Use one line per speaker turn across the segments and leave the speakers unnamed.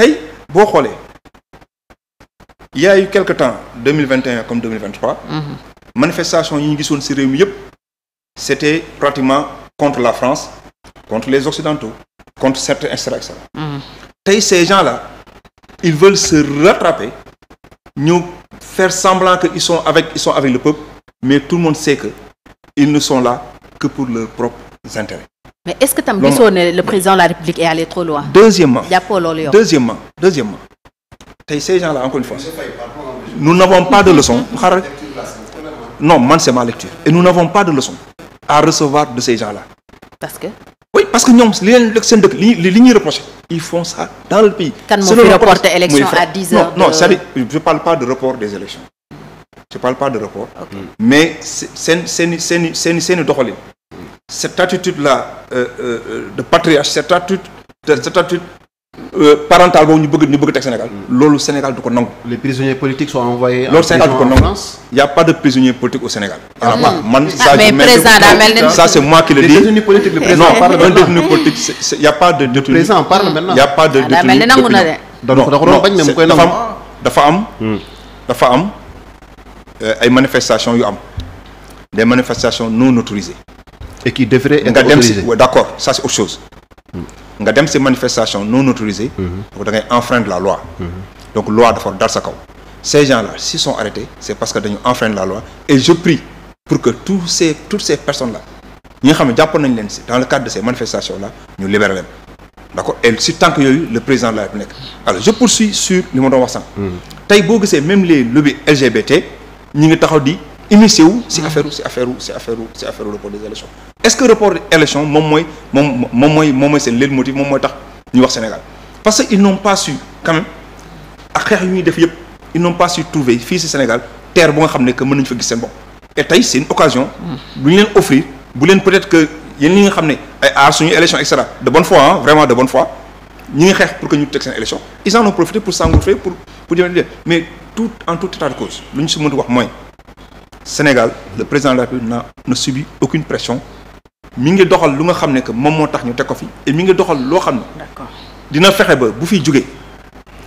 tey boo xoolee y a eu quelque temps deux mille vingt et un comme deux mille mhm. manifestation yi ñu gisoon ci réew mi yëpp c' était pratiquement contre la France contre les occidentaux contre certains et cetera mhm. tey ces gens là ils veulent se rattraper ñu faire semblant que avec ils sont avec le peuple mais tout le monde sait que ils ne sont là que pour leurs propres intérêts
mais est-ce que tam gisoo ne le président de la République est allé trop loin. deuxièmement jàppoo loolu yow.
deuxièmement deuxièmement tey ces gens là encore une fois nous n'avons pas de leçon non man c'est ma lecture et nous n'avons pas de leçon à recevoir de ces gens là. parce que. oui parce que ñoom li li li ñuy reproché. ils font ça dans le pays. kan moo fi reporté élection à 10 heures non non je parle pas de report des élections je parle pas de report. mais seen seen seen seen seen i cette attitude-là euh, euh, euh, de patriarche cette attitude de cette attitude euh, parentale boobu ñu bëgg ñu bëgg teg Sénégal. Mm. loolu Sénégal du ko nangu. les prisonniers politiques sont envoyés. loolu Sénégal du ko nangu y' a pas de prisonniers politiques au Sénégal. Ah, man ça je mets ça c'est moi a pas de. détenu président parle maintenant y' a pas de. Ah, détenu politique nangu na de. dafa am dafa am hmm. dafa am euh, ay manifestation yu am des manifestations non autorisées. et qui devrait être autorisé nga dem si d'accord ça c'est autre chose. Hmm. nga dem si manifestation non autorisée. donc da ngay enfreindre la loi. Hmm. donc loi dafa dal sa kaw. ces gens-là s'ils sont arrêtés c'est parce que dañu enfreindre la loi et je prie pour que tous ces toutes ces personnes-là ñi xam ne jàppoon nañ leen si dans le cadre de ces manifestations-là ñu libéré d'accord et si tant yooyu le président de la République alors je poursuis sur li ma doon wax sànq. Hmm. tey boo gisee même les lobbies LGBT ñi ngi taxaw di immiscer wu si affaire si affaire si affaire si est-ce que report élection moom mooy moom moom mooy moom mooy seen leen motif moom mooy tax ñuy wax Sénégal parce que ils n'ont pas su quand même ak xeex yu ñuy def yëpp ils n'ont pas su trouver fii ci Sénégal terre bu nga xam ne que mën nañu fa gis seen bopp et tey c'est une occasion hmm. bu ñu leen offrir bu leen peut-être que yéen ñi nga xam ne ay aar suñu élection et cetera de bonne foi ah vraiment de bonne foi ñi ngi xeex pour que ñu teg seen élection ils en ont profité pour s'engouffrer pour pour jëmale mais tout en tout état de cause lu ñu si mënti wax mooy Sénégal le président de la République n'a ne subit aucune pression mi ngi doxal lu nga xam ne que moom moo tax ñu teg ko fi et mi ngi doxal loo xam ne. dina fexe ba bu fi jógee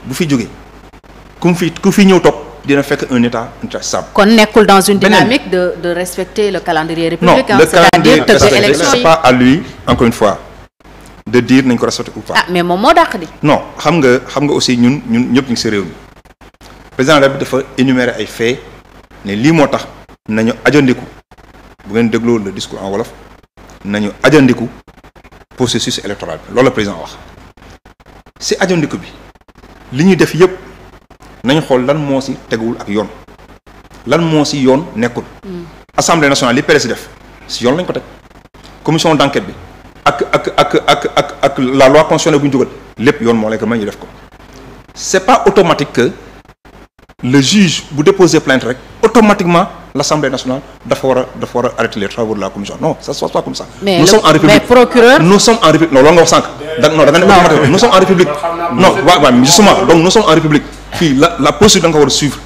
bu fi jógee ku fi ku fi ñëw topp dina fekk un état intraçable. kon nekkul dans une dynamique
de de respecter le calendrier républicain. non le calendrier c'est-à-dire c'est pas
à lui encore fois de dire nañ ko respecté ou pas. ah
mais moom moo dàq di.
non xam nga xam nga aussi ñun ñun ñëpp ñu si réew mi président la bi dafa énumérer ay faits ne lii moo tax nañu ajandiku bu ngeen dégloo le discours en wolof. nañu ajandiku processus électoral bi loolu la président wax si ajandiku bi li ñuy def yëpp nañu xool lan moo si teguwul ak yoon lan moo si yoon nekkul. Hmm. assemblée nationale li si def si yoon lañ ko teg commission d'enquête bi ak ak ak ak ak ak la loi constitutionnelle bu jógal lépp yoon moo lay ko may ñu def ko c'est pas automatique que le juge bu déposer plainte rek l'Assemblée nationale dafa war a dafa war a arrêter les travaux de la commission non ça se en république mais procureur. en république non loolu nga wax sànq. da non da nga ne nous sommes en république. non waaw waaw justement donc nous sommes en république. fii la la procédure da war a suivre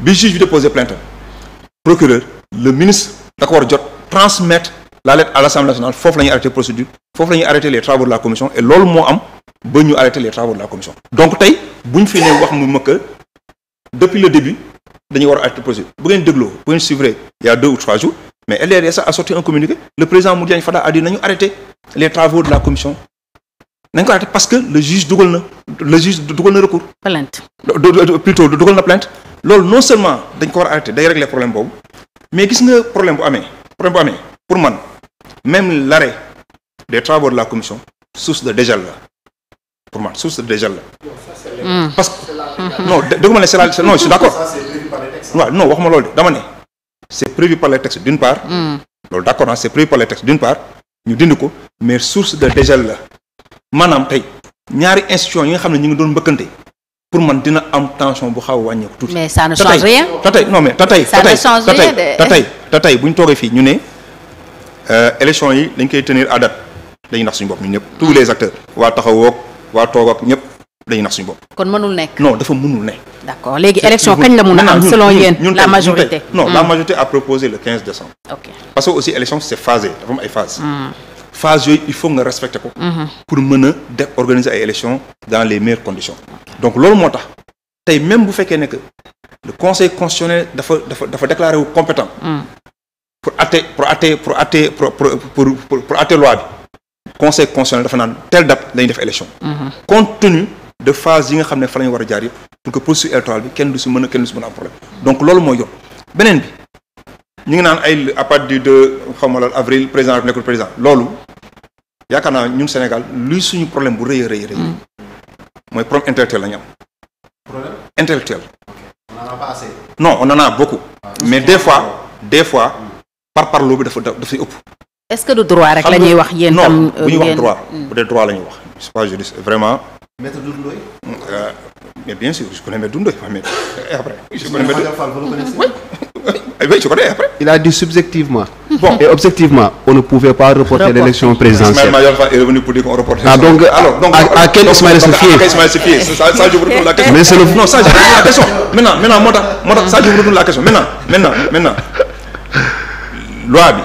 bi juge bi déposé plainte procureur le ministre da war a jot transmettre la lettre à l'Assemblée nationale foofu la ñuy procédure foofu la ñuy la commission et loolu moo am ba ñu arrêter les travaux ma que depuis dañu war a interposé bu ngeen dégloo bu ngeen suivre il a deux ou trois jours mais LDRS a sorti un communiqué le président Modou Diagne Fada a dit nañu arrêté les travaux de la commission nañ ko arrêté parce que le juge dugal na le juge dugal na recours. plainte plutôt dugal na plainte lool non seulement dañ ko war a arrêté day régler problème boobu mais gis nga problème bu amee problème bu amee pour man même l'arrêt des travaux de la commission source de dégel la pour man source hmm. ma ne c'est la non je suis d'accord. waaw non wax ma loolu dama ne. c'est prévu par les textes d'une part. Hmm. loolu d'accord ah c'est prévu par les textes d'une part ñu dindi ko mais source de dégel la maanaam tey ñaari institution yi nga xam ne ñu ngi doon mbëkkante. pour man dina am tension bu xaw a wàññeeku tuuti.
mais ça ne tey
non tey. ça tey te tey bu ñu toogee fii ñu ne euh, élection yi dañ koy tenir à date dañuy nax bopp ñun ñëpp tous hmm. les acteurs. waa taxawook waa toog ak ñëpp dañuy nax suñu bopp.
kon mënul nekk non
dafa mënul nekk. d' léegi élection kañ la mun a am selon yéen la majorité non la hmm. majorité a proposé le décembre. parce que aussi élection c' est phasé dafa am ay phase hmm. phase yooyu il faut nga respecter ko. Hmm. pour mën a def organiser ay élections dans les meilleures conditions. donc loolu moo tax tey même bu fekkee ne que conseil constitutionnel dafa dafa dafa déclaré compétent. pour atte pour atte conseil constitutionnel dafa naan telle date la ñuy def élection. Mhm. compte de phase yi nga xam ne fa la ñu war a jaar yëpp pour que processus électoral bi kenn du si mën kenn du si mën a problème donc loolu mooy yoon beneen bi ñu ngi naan ay à partir de xaw ma avril président nekkul président loolu yaakaar naa ñun Sénégal luy suñu problème bu rëy a rëy mhm. mooy problème intellectuel la ñu am. problème intellectuel. on en a pas assez. non on en a ah, mais des fois des fois par parlo bi dafa dafay ëpp.
est-ce que du droit rek la ñuy wax yéen tam bu euh, wax droit mm.
bu dee droit la ñuy wax. je suis pas juriste vraiment. maître Doudou Ndoye. Mm, euh, mais après. il a dit subjectivement. et objectivement on ne pouvait pas reporter l'élection présidentielle. Ismaïla ah, donc à quel Ismaïla se fier. à quel Ismaïla se la question. mais non ça je retourne la question maintenant maintenant moo tax moo tax ça je vous retourne la loi bi.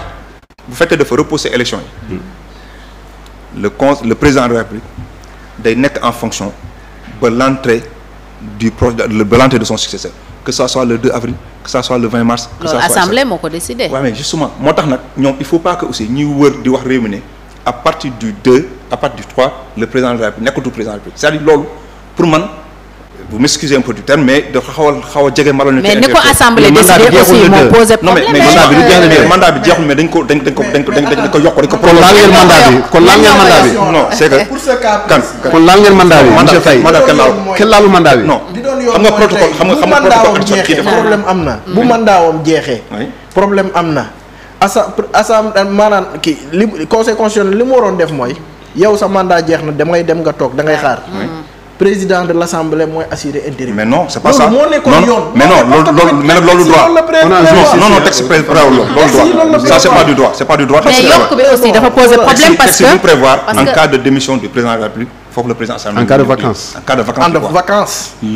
bu fekkee dafa repousser élection yi. le con le président de République day nekk en fonction ba l'entrée du proche ba l'entrée de son successeur que ça soit le 2 avril que ça soit le 20 mars. que ça soit assemblée
moo ko décidé.
justement moo tax nag ñoom il faut pas que aussi ñuy wër di wax réew mi ne à partir du 2 à partir du 3 le président de la République nekkatul président République c'est-à-dire loolu pour man. vous m'excusez un peu du terme mais dafa xaw a xaw a jege malhonnêteté. bi du jeex euh, mandat bi jeexul mais dañ ko dañ ko dañ ko ko yokk ko. kon laal ngeen mandat pour ce kan kon laal ngeen mandat bi monsieur Faye kenn laalu mandat bi. non
xam nga protocole xam nga xam nga protocole kii dafa problème am na. Mm. bu mandaawam jeexee. problème am na. assa assemblée euh, maanaam kii li conseil constitutionnel li mu waroon def mooy yow sa mandaa jeex na damay dem nga toog da ngay xaar président de l' assemblée mooy assurer intérim. mais
non c' pas ça mais non loolu mais nag loolu non non texte prévoir loolu droit ça c' est pas du droit c' est pas du droit. mais yokk de démission du président de foofu le président assemblée. en cas de vacances en cas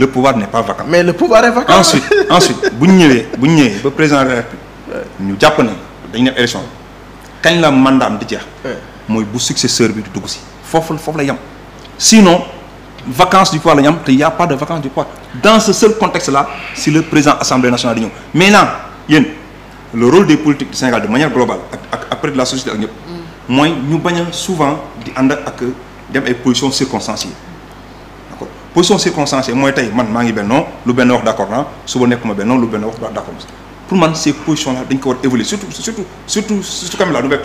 le pouvoir n' pas vacant. mais le pouvoir est vacant. ensuite bu ñu ñëwee bu ñu ñëwee ba président de la République euh, ñu jàpp ne dañu def élection kañ la mandaam mooy bu successeur bi di si foofu foofu la vacances du pouvoir la ñu am te dans ce seul contexte là si le président assemblée nationale di ñëw maintenant yéen le rôle des politiques du Sénégal de manière globale ak ak après de la société ak ñëpp. mooy ñu bañ a souvent di ànd ak dem ay positions circonstanciées d' accord position circonstanciée mooy tey man maa ngi Benno lu benn wax d' accord naa suba nekkuma Benno lu Benno wax d' accord pour man ces positions là dañ ko war évoluer surtout surtout surtout surtout la nouvelle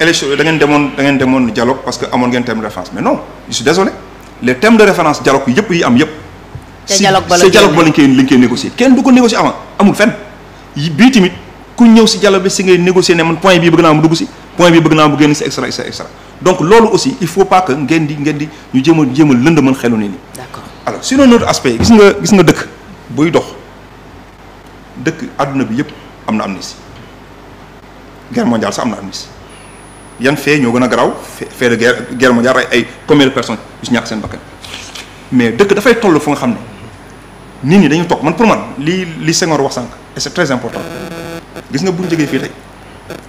élection da demoon da ngeen demoon dialogue parce que amoon ngeen thème de référence mais non je suis désolé les thèmes de référence dialogue yëpp yi am yëpp. te dialogue ba la dialogue ba lañ koy lañ koy négocier kenn du ko négocier avant amul fenn bii tamit ku ñëw si dialogue bi si ngay négocier ne man point bii bëgg naa mu dugg si point bii bëgg naa mu génn si extra extra extra donc loolu aussi il faut pas que ngeen di ngeen di ñu jéem a jéem a lënd mën xelu nit ñi. d'accord alors sinon notre aspect gis gis nga dëkk buy dox dëkk àdduna bi yëpp am na amnistie guerre mondiale sax am na amnistie yan fee ñoo gën a garaaw fee de guerre guerre mondiale ay combien de personnes yu si ñàkk seen bakkan mais dëkk dafay toll fu nga xam ne nit ñi dañu toog man pour man li li Senghor wax sànq et c'est très important gis nga bu jege fii tey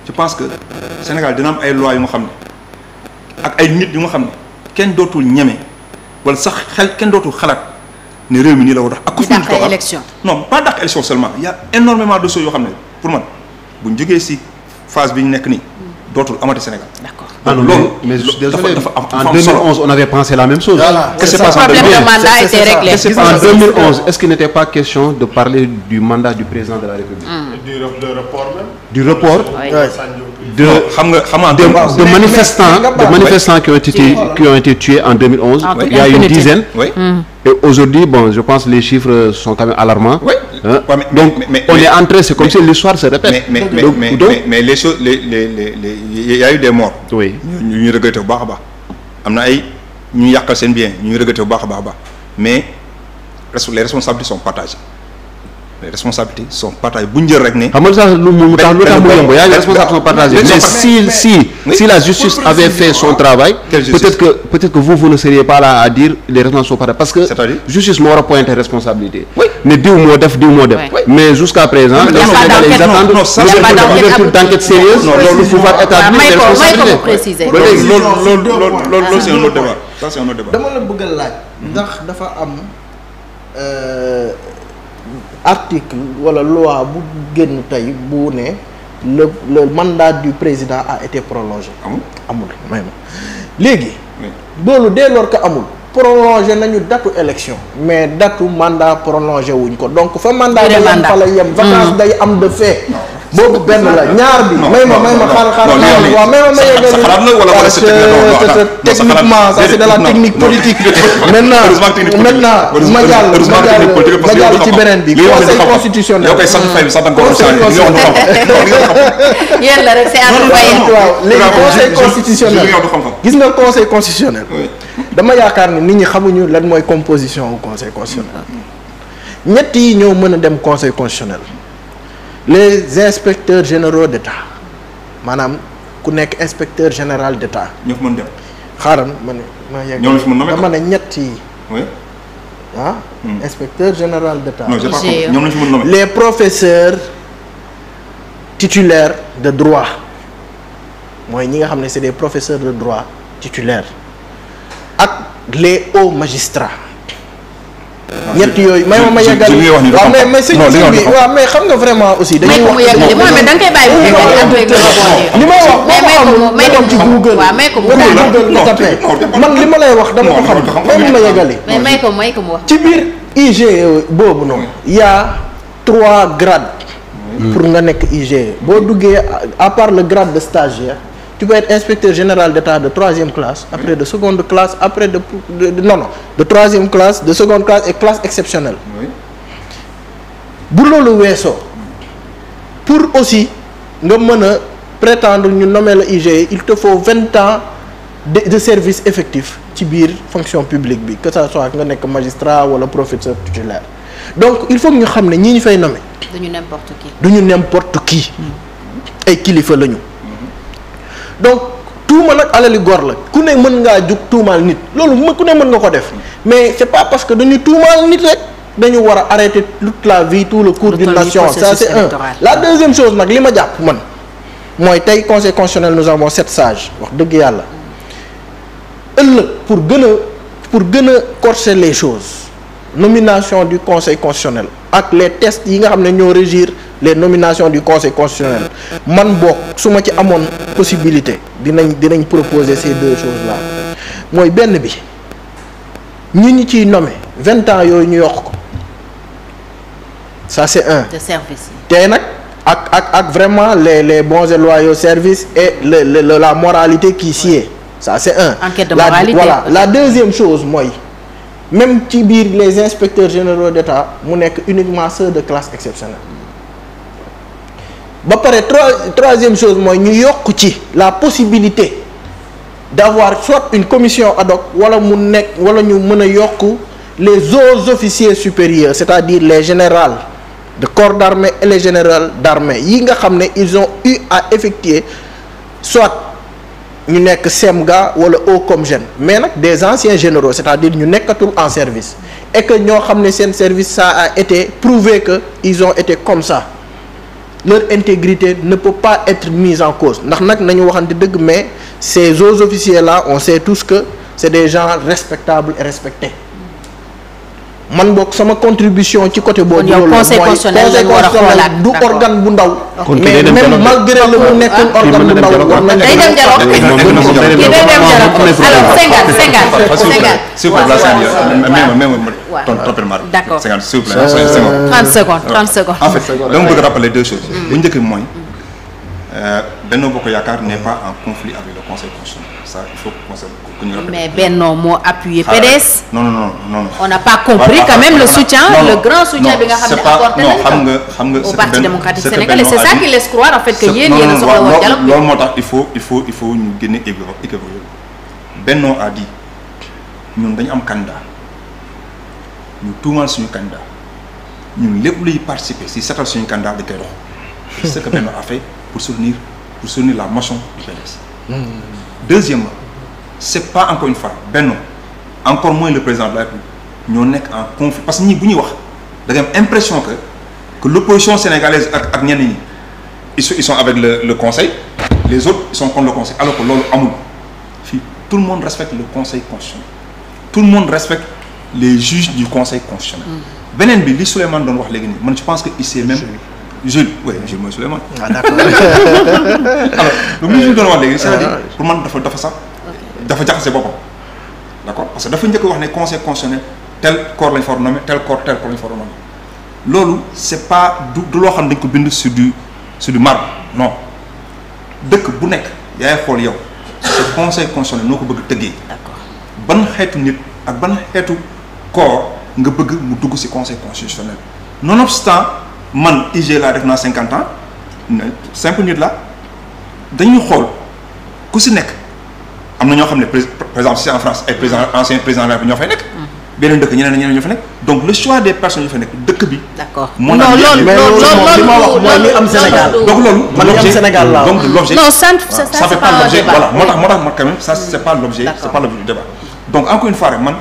je pense que Sénégal dina am ay lois yu nga xam ne ak ay nit yu nga xam ne kenn dootul ñeme wala sax xel kenn dootul xalaat ne réew mi nii la war ak ku fi ñu toogal non pas dàq élection seulement il y yoo xam ne pour man bu ñu si phase bi ñu nekk nii dootul amati
ah, en
on avait pensé la même chose. voilà qu'est-ce qui s'est passé en 2011 est-ce qu'il n'était pas question de parler du mandat du président de la République.
Hmm. du report de
nga xam de de manifestants de manifestants qui ont été tués en il y a une dizaine. Hmm. et aujourd'hui je pense les chiffres sont quand alarmants. donc on est entré c'est comme si l'histoire se répète. mais mais mais les choses les les les y a eu des morts. oui ñu ñu regretté bu baax a baax am na ay ñu yàqal seen bien ñu regretté bu baax a baax a baax mais les responsabilités sont partagées. les responsabilités sont partagées bu ñu jël rek ne. xam nga lu mu tax lu tax mu yomb yaa ngi responsabilité mais si si si la justice avait fait son travail. peut-être que vous vous ne seriez pas là à dire les responsabilités sont parce que. justice moo war a pointer responsabilité. oui ne diw moo def diw moo def. mais jusqu'à présent. il y a pas d'enquête d'enquête sérieuse. non loolu pouvoir établir dama la
bëgg a article wala loi bu génn tey bu ne le le mandat du président a été prolongé. amul amul léegi. loolu dès lors que amul. prolongé nañu datu élection mais datu mandat prolongé wuñ ko donc fa mandat. fa la yem hmm. vacance day am de fait. boobu benn la ñaar bi may ma may ma xaaral xaaral waaw may ma may ma xalaat la
wala maintenant maintenant ma jàll ma jàll ma jàll ci beneen bi conseil constitutionnel
yéen la rek c'est waaw léegi conseil constitutionnel
gis nga conseil constitutionnel dama yaakaar ni nit ñi xamuñu lan mooy composition au conseil constitutionnel ñett ñoo mën a dem conseil constitutionnel les inspecteur généraux d' maanaam ku nekk inspecteur général d' état. ñoo fi mën dem. xaaral ma ne. ma yegg dama ne ñett ah, hmm. inspecteur général d' état. non c'est pas ñoom la ñu mën nommer. de droit mooy ñi nga xam ne c' est des professeurs de droit titulaires ak les hauts magistrats. ñett yooyu may ma ma yeggal waaw mais mais sëñ bi waaw mais xam nga vraiment aussi dañuy wax li may wax ci Google waaw may man li ma lay wax dama ko xam may ma yeggali
mais may ko may ko mu wax
ci biir IGE boobu noonu y a trois grades pour nga nekk IGE boo duggee à part le grade de stagiaire tu peux être inspecteur général d'état de troisième classe après de seconde classe après de, de, de non de troisième classe de seconde classe et classe exceptionnelle bu loolu weesoo pour aussi nga mën a prétendre ñu nommer la IGE il te faut vingt ans de de service effectif ci biir fonction publique bi que ça soit nga nekk magistrat wala professeur titulaire donc il faut ñu xam ne ñii ñu fay nommer.
du ñu qui
duñu n'importe qui hmm. ay kilifa lañu. donc tuuma nag alali gor la ku ne mën ngaa jug tuumaal nit loolu mu ku ne mën nga ko def mais c'est pas parce que dañu tuumaal nit rek dañu war a arrêter toute la vie tout le cours d'une nation ça c'est un la deuxième chose nag li ma jàpp man mooy tey conseil constitutionnel nous avons sept sages wax dëgg yàlla ëllëg pour gën a pour gën a corser les choses nomination du conseil constitutionnel ak les tests yi nga xam ne ñoo régir les nominations du conseil constitutionnel man bokk su ma ci amoon possibilité dinañ dinañ proposer ces deux choses là mooy benn bi ñi ñu ciy nommé vingt ans yooyu ñu yokk ça c'est un service tey nag ak ak ak vraiment les les bons et loyaux et le, le, le la moralité qui sied ça c'est un enquête de moralité, la, voilà la deuxième chose mooy même ci biir les inspecteurs généraux d'État mu nekk uniquement ceux de classe exceptionnelle ba pare trois troisième chose mooy ñu yokk ci la possibilité d'avoir soit une commission ad hoc wala mu nekk wala ñu mën a yokk les hauts officiers supérieurs c'est-à-dire les générales de corps d'armée et les générales d'armée yi nga xam ne ils ont eu à effectuer soit ñu nekk semga wala haut comme jeune mais nag des anciens généraux c'est-à-dire ñu nekkatul en service et que ñoo xam ne seen service ça a été prouvé que ils ont été comme ça leur intégrité ne peut pas être mise en cause ndax nag nañu waxante dëgg mais ces hauts officiers la on sait tous que c'est des gens respectables et respectés man boog sama contribution ci côté boo loolu mooy conseil constitutionnel du organe bu ndaw. mais même malgré le mu nekkoon ah. organe bu ndaw war na day dem dialogue day dem dialogue alors Senghane Senghane
Senghane deux choses. bu njëkk mooy euh, Benno Bokk Yaakaar ne pas en conflit avec le conseil constitutionnel il faut que conseil mais Benno moo appuyé PDS. Ah non non non non. on
n'a pas compris quand même le soutien le grand soutien bi nga xam ne apporté nañ ko. non xam nga xam nga au parti démocratique sénégalais c'est ça qui laisse croire en fait que yéen yéen a soxla woon dialogue.
loolu moo tax il faut il faut il faut ñu génne équivoque Benno a dit ñun dañu am candidat ñu tuumaal suñu candidat ñun lépp luy participer si setal suñu candidat dañ koy dox. c'est ce que Benno a fait pour soutenir pour soutenir la motion du PDS. Hmm. deuxièmement. c'est pas encore une fois Benno encore moins le président de la République ñoo nekk en conflit parce que ñii bu ñuy wax da ngay am impression que que l'opposition sénégalaise ak ak ñenn ñi ils sont ils avec le le conseil les autres ils sont contre le conseil alors que loolu amul fii tout le monde respecte le conseil constitutionnel tout le monde respecte les juges du conseil constitutionnel. Mm. beneen bi li Souleymane doon wax léegi nii man je pense que il s'est même. Jules pour man dafa dafa sax. dafa jaxase boppam d' accord parce que dafa njëkk wax ne conseil constitutionnel tel corps lañ fa war a tel corps tel corps lañ fa war a loolu c' est pas du du loo xam ne dañ ko bind sur du sur du marbre dëkk bu nekk yaay xool yow sa conseil constitutionnel noo ko bëgg tëggee. xeetu nit ak ban xeetu corps nga bëgg mu dugg ci conseil constitutionnel nonobstant man IG laa def naa cinquante ans simple nit la dañuy xool ku si nekk. am na ñoo xam ne par exemple si en France ay président ancien président de la ñoo fay nekk. Mm. beneen dëkk ñeneen ñeneen ñoo fa nekk donc le choix des personnes yoo fa nekk dëkk bi. d' accord non loolu moo tax moo tax man quand même ça c' est pas l' objet. d' accord c' est pas l' objet du débat. donc encore une fois rek man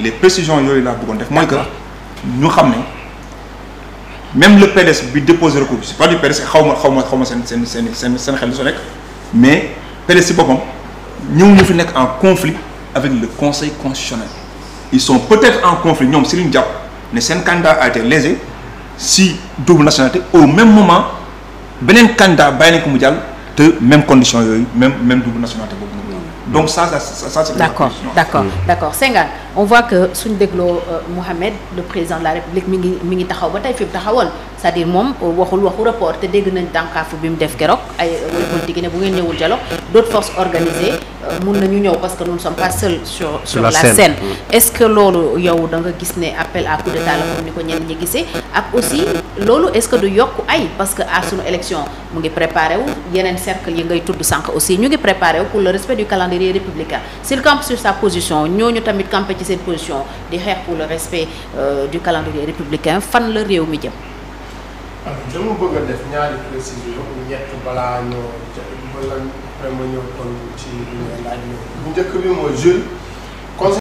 les précisions yooyu laa bëggoon def mooy que ñu xam ne. même le PDS bi déposé recours bi c'est pas du PDS xaw ma xaw ma xaw ma seen seen seen seen seen xel su nekk mais PDS si boppam. ñëw ñu fi nekk en conflit avec le conseil constitutionnel ils sont peut-être en conflit ñoom si lu ñu jàpp ne seen candidat a été lésé si double nationalité au même moment beneen candidat bàyyi nañ ko mu jàll te même condition yooyu même même double nationalité boobu. donc ça ça ça, ça c'est. d'accord d'accord
d'accord Senghane. on voit que suñ dégloo euh, Mohamed le président de la république mi ngi mi ngi taxaw ba tey fi mu taxawoon c'est-à-dire moom euh, waxul waxu rapport te dégg nañ tànkaafu bi mu def keroog ay euh, way politique ne bu ngeen ñëwul dialogue d'autres forces organisées mun nañu ñëw parce que nous ne sommes pas seuls sur sur la mm. que loolu yow da nga gis ne appel à coup d'état loolu est-ce que du yokk ay parce que à suñu élection mu ngi préparé wu yeneen cercle yi ngay tudd sànq aussi ñu ngi préparé wu pour le respect du calendrier républicain s'il campe sur sa position ñooñu tamit campé ci seen position di xeex pour le respect du calendrier républicain fan la réew mi jëm.
dama bëgg def ñaari précision ñett balaa ñoo balaa vraiment ñoo toll ci laaj bu njëkk
bi mooy jeune.